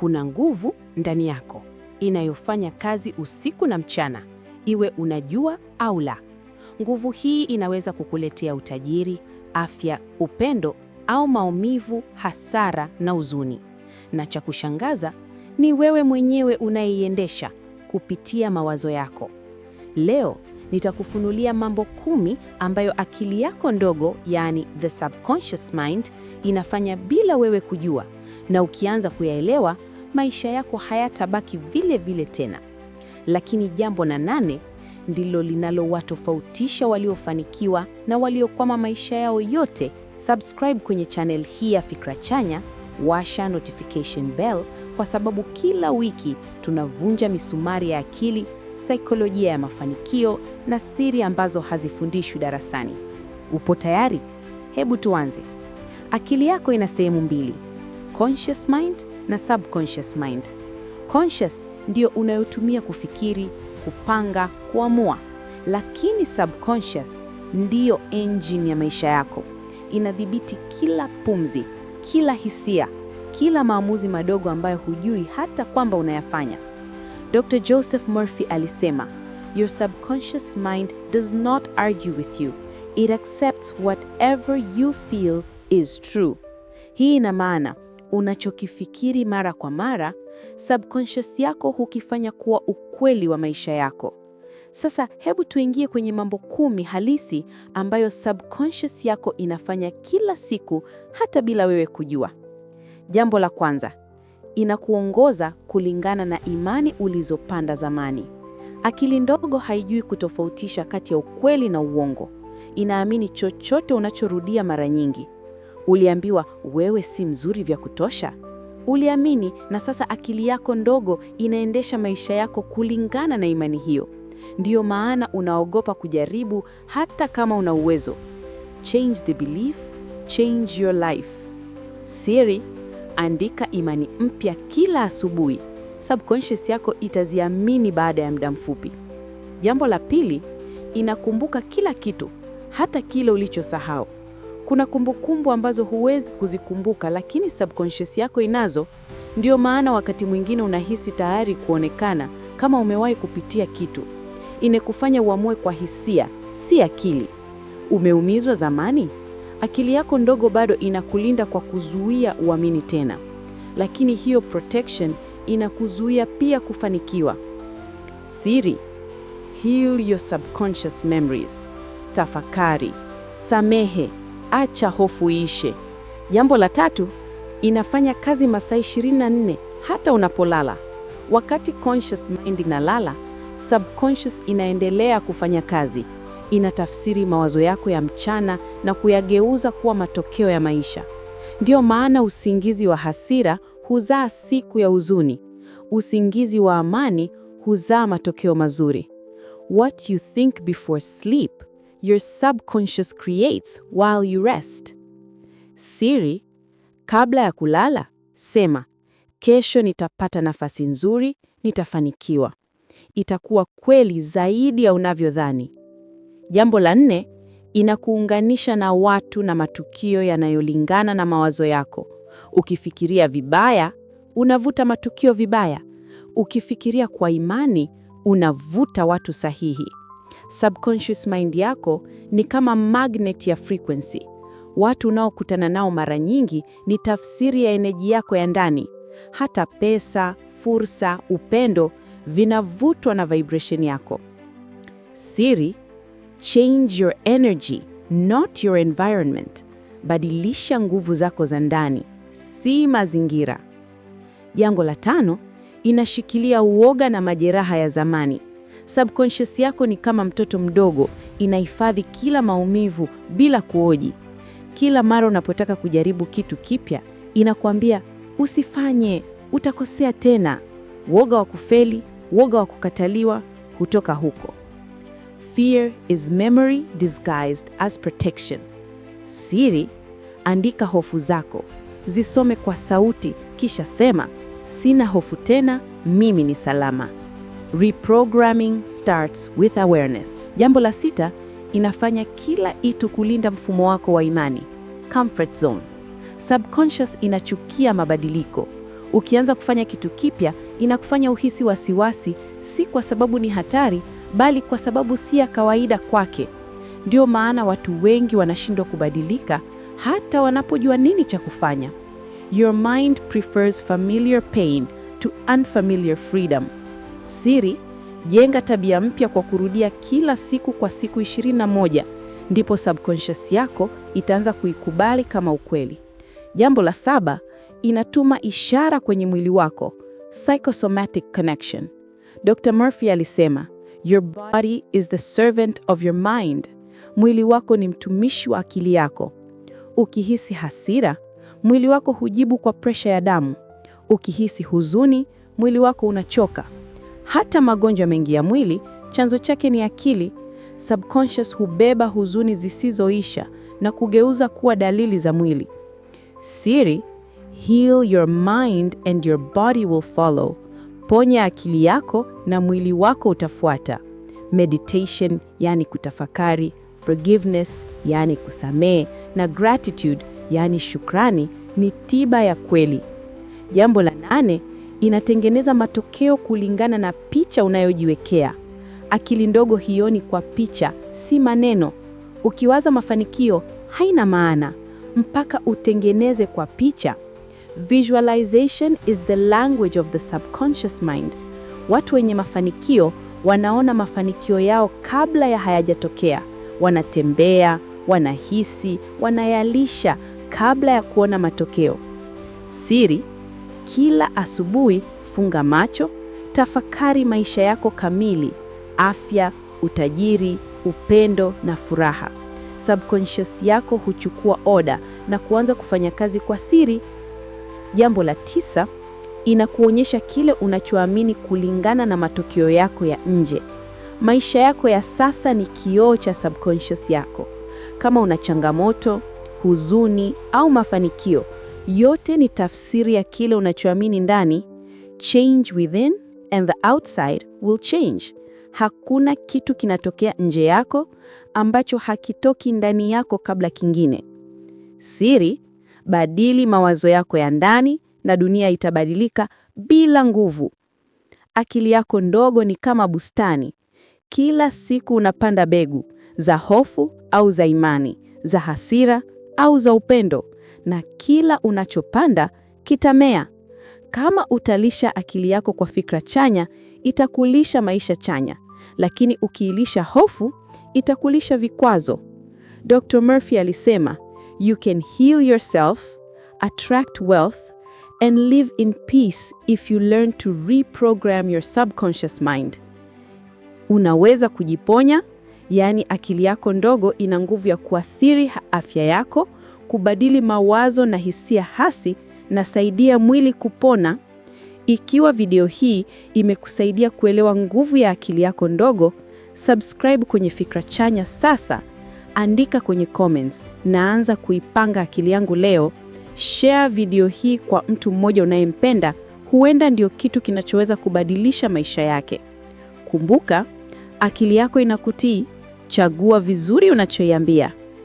Kuna nguvu ndani yako inayofanya kazi usiku na mchana, iwe unajua au la. Nguvu hii inaweza kukuletea utajiri, afya, upendo au maumivu, hasara na huzuni. Na cha kushangaza ni wewe mwenyewe unayeiendesha kupitia mawazo yako. Leo nitakufunulia mambo kumi ambayo akili yako ndogo, yaani the subconscious mind, inafanya bila wewe kujua, na ukianza kuyaelewa maisha yako hayatabaki vile vile tena. Lakini jambo na nane ndilo linalowatofautisha waliofanikiwa na waliokwama maisha yao yote. Subscribe kwenye channel hii ya Fikra Chanya, washa notification bell kwa sababu kila wiki tunavunja misumari ya akili, saikolojia ya mafanikio na siri ambazo hazifundishwi darasani. Upo tayari? Hebu tuanze. Akili yako ina sehemu mbili: conscious mind na subconscious mind. Conscious ndio unayotumia kufikiri, kupanga, kuamua, lakini subconscious ndiyo engine ya maisha yako. Inadhibiti kila pumzi, kila hisia, kila maamuzi madogo ambayo hujui hata kwamba unayafanya. Dr. Joseph Murphy alisema, Your subconscious mind does not argue with you. It accepts whatever you feel is true. Hii ina maana unachokifikiri mara kwa mara, subconscious yako hukifanya kuwa ukweli wa maisha yako. Sasa hebu tuingie kwenye mambo kumi halisi ambayo subconscious yako inafanya kila siku hata bila wewe kujua. Jambo la kwanza, inakuongoza kulingana na imani ulizopanda zamani. Akili ndogo haijui kutofautisha kati ya ukweli na uongo. Inaamini chochote unachorudia mara nyingi. Uliambiwa wewe si mzuri vya kutosha. Uliamini na sasa akili yako ndogo inaendesha maisha yako kulingana na imani hiyo. Ndiyo maana unaogopa kujaribu hata kama una uwezo. Change the belief, change your life. Siri, andika imani mpya kila asubuhi. Subconscious yako itaziamini baada ya muda mfupi. Jambo la pili, inakumbuka kila kitu, hata kile ulichosahau. Kuna kumbukumbu ambazo huwezi kuzikumbuka, lakini subconscious yako inazo. Ndio maana wakati mwingine unahisi tayari kuonekana kama umewahi kupitia kitu. Inakufanya uamue kwa hisia, si akili. Umeumizwa zamani, akili yako ndogo bado inakulinda kwa kuzuia uamini tena, lakini hiyo protection inakuzuia pia kufanikiwa. Siri: heal your subconscious memories. Tafakari, samehe acha hofu iishe. Jambo la tatu, inafanya kazi masaa 24 hata unapolala. Wakati conscious mind inalala, subconscious inaendelea kufanya kazi. Inatafsiri mawazo yako ya mchana na kuyageuza kuwa matokeo ya maisha. Ndiyo maana usingizi wa hasira huzaa siku ya huzuni, usingizi wa amani huzaa matokeo mazuri. What you think before sleep your subconscious creates while you rest. Siri, kabla ya kulala, sema kesho nitapata nafasi nzuri, nitafanikiwa. Itakuwa kweli zaidi ya unavyodhani. Jambo la nne, inakuunganisha na watu na matukio yanayolingana na mawazo yako. Ukifikiria vibaya, unavuta matukio vibaya. Ukifikiria kwa imani, unavuta watu sahihi. Subconscious mind yako ni kama magnet ya frequency. Watu unaokutana nao mara nyingi ni tafsiri ya eneji yako ya ndani. Hata pesa, fursa, upendo vinavutwa na vibration yako. Siri, change your energy, not your environment. Badilisha nguvu zako za ndani, si mazingira. Jango la tano, inashikilia uoga na majeraha ya zamani. Subconscious yako ni kama mtoto mdogo, inahifadhi kila maumivu bila kuoji. Kila mara unapotaka kujaribu kitu kipya, inakuambia usifanye, utakosea tena. Woga wa kufeli, woga wa kukataliwa hutoka huko. Fear is memory disguised as protection. Siri, andika hofu zako, zisome kwa sauti, kisha sema, sina hofu tena, mimi ni salama. Reprogramming starts with awareness. Jambo la sita, inafanya kila itu kulinda mfumo wako wa imani, comfort zone. Subconscious inachukia mabadiliko. Ukianza kufanya kitu kipya, inakufanya uhisi wasiwasi, si kwa sababu ni hatari, bali kwa sababu si ya kawaida kwake. Ndio maana watu wengi wanashindwa kubadilika hata wanapojua nini cha kufanya. Your mind prefers familiar pain to unfamiliar freedom. Siri, jenga tabia mpya kwa kurudia kila siku kwa siku 21, ndipo subconscious yako itaanza kuikubali kama ukweli. Jambo la saba, inatuma ishara kwenye mwili wako, psychosomatic connection. Dr. Murphy alisema, your body is the servant of your mind. Mwili wako ni mtumishi wa akili yako. Ukihisi hasira, mwili wako hujibu kwa presha ya damu. Ukihisi huzuni, mwili wako unachoka. Hata magonjwa mengi ya mwili chanzo chake ni akili. Subconscious hubeba huzuni zisizoisha na kugeuza kuwa dalili za mwili. Siri: heal your mind and your body will follow. Ponya akili yako na mwili wako utafuata. Meditation, yani kutafakari, forgiveness, yani kusamehe, na gratitude, yani shukrani, ni tiba ya kweli. Jambo la nane: inatengeneza matokeo kulingana na picha unayojiwekea. Akili ndogo hioni kwa picha, si maneno. Ukiwaza mafanikio haina maana mpaka utengeneze kwa picha. Visualization is the language of the subconscious mind. Watu wenye mafanikio wanaona mafanikio yao kabla ya hayajatokea. Wanatembea, wanahisi, wanayalisha kabla ya kuona matokeo. Siri kila asubuhi funga macho, tafakari maisha yako kamili: afya, utajiri, upendo na furaha. Subconscious yako huchukua oda na kuanza kufanya kazi kwa siri. Jambo la tisa, inakuonyesha kile unachoamini kulingana na matokeo yako ya nje. Maisha yako ya sasa ni kioo cha subconscious yako. Kama una changamoto, huzuni au mafanikio yote ni tafsiri ya kile unachoamini ndani. Change within and the outside will change. Hakuna kitu kinatokea nje yako ambacho hakitoki ndani yako kabla kingine. Siri, badili mawazo yako ya ndani na dunia itabadilika bila nguvu. Akili yako ndogo ni kama bustani. Kila siku unapanda begu za hofu au za imani, za hasira au za upendo na kila unachopanda kitamea. Kama utalisha akili yako kwa fikra chanya, itakulisha maisha chanya, lakini ukiilisha hofu, itakulisha vikwazo. Dr. Murphy alisema, you can heal yourself, attract wealth and live in peace if you learn to reprogram your subconscious mind. Unaweza kujiponya, yaani akili yako ndogo ina nguvu ya kuathiri afya yako kubadili mawazo na hisia hasi nasaidia mwili kupona. Ikiwa video hii imekusaidia kuelewa nguvu ya akili yako ndogo, subscribe kwenye Fikra Chanya sasa, andika kwenye comments, naanza kuipanga akili yangu leo. Share video hii kwa mtu mmoja unayempenda, huenda ndio kitu kinachoweza kubadilisha maisha yake. Kumbuka, akili yako inakutii. Chagua vizuri unachoiambia.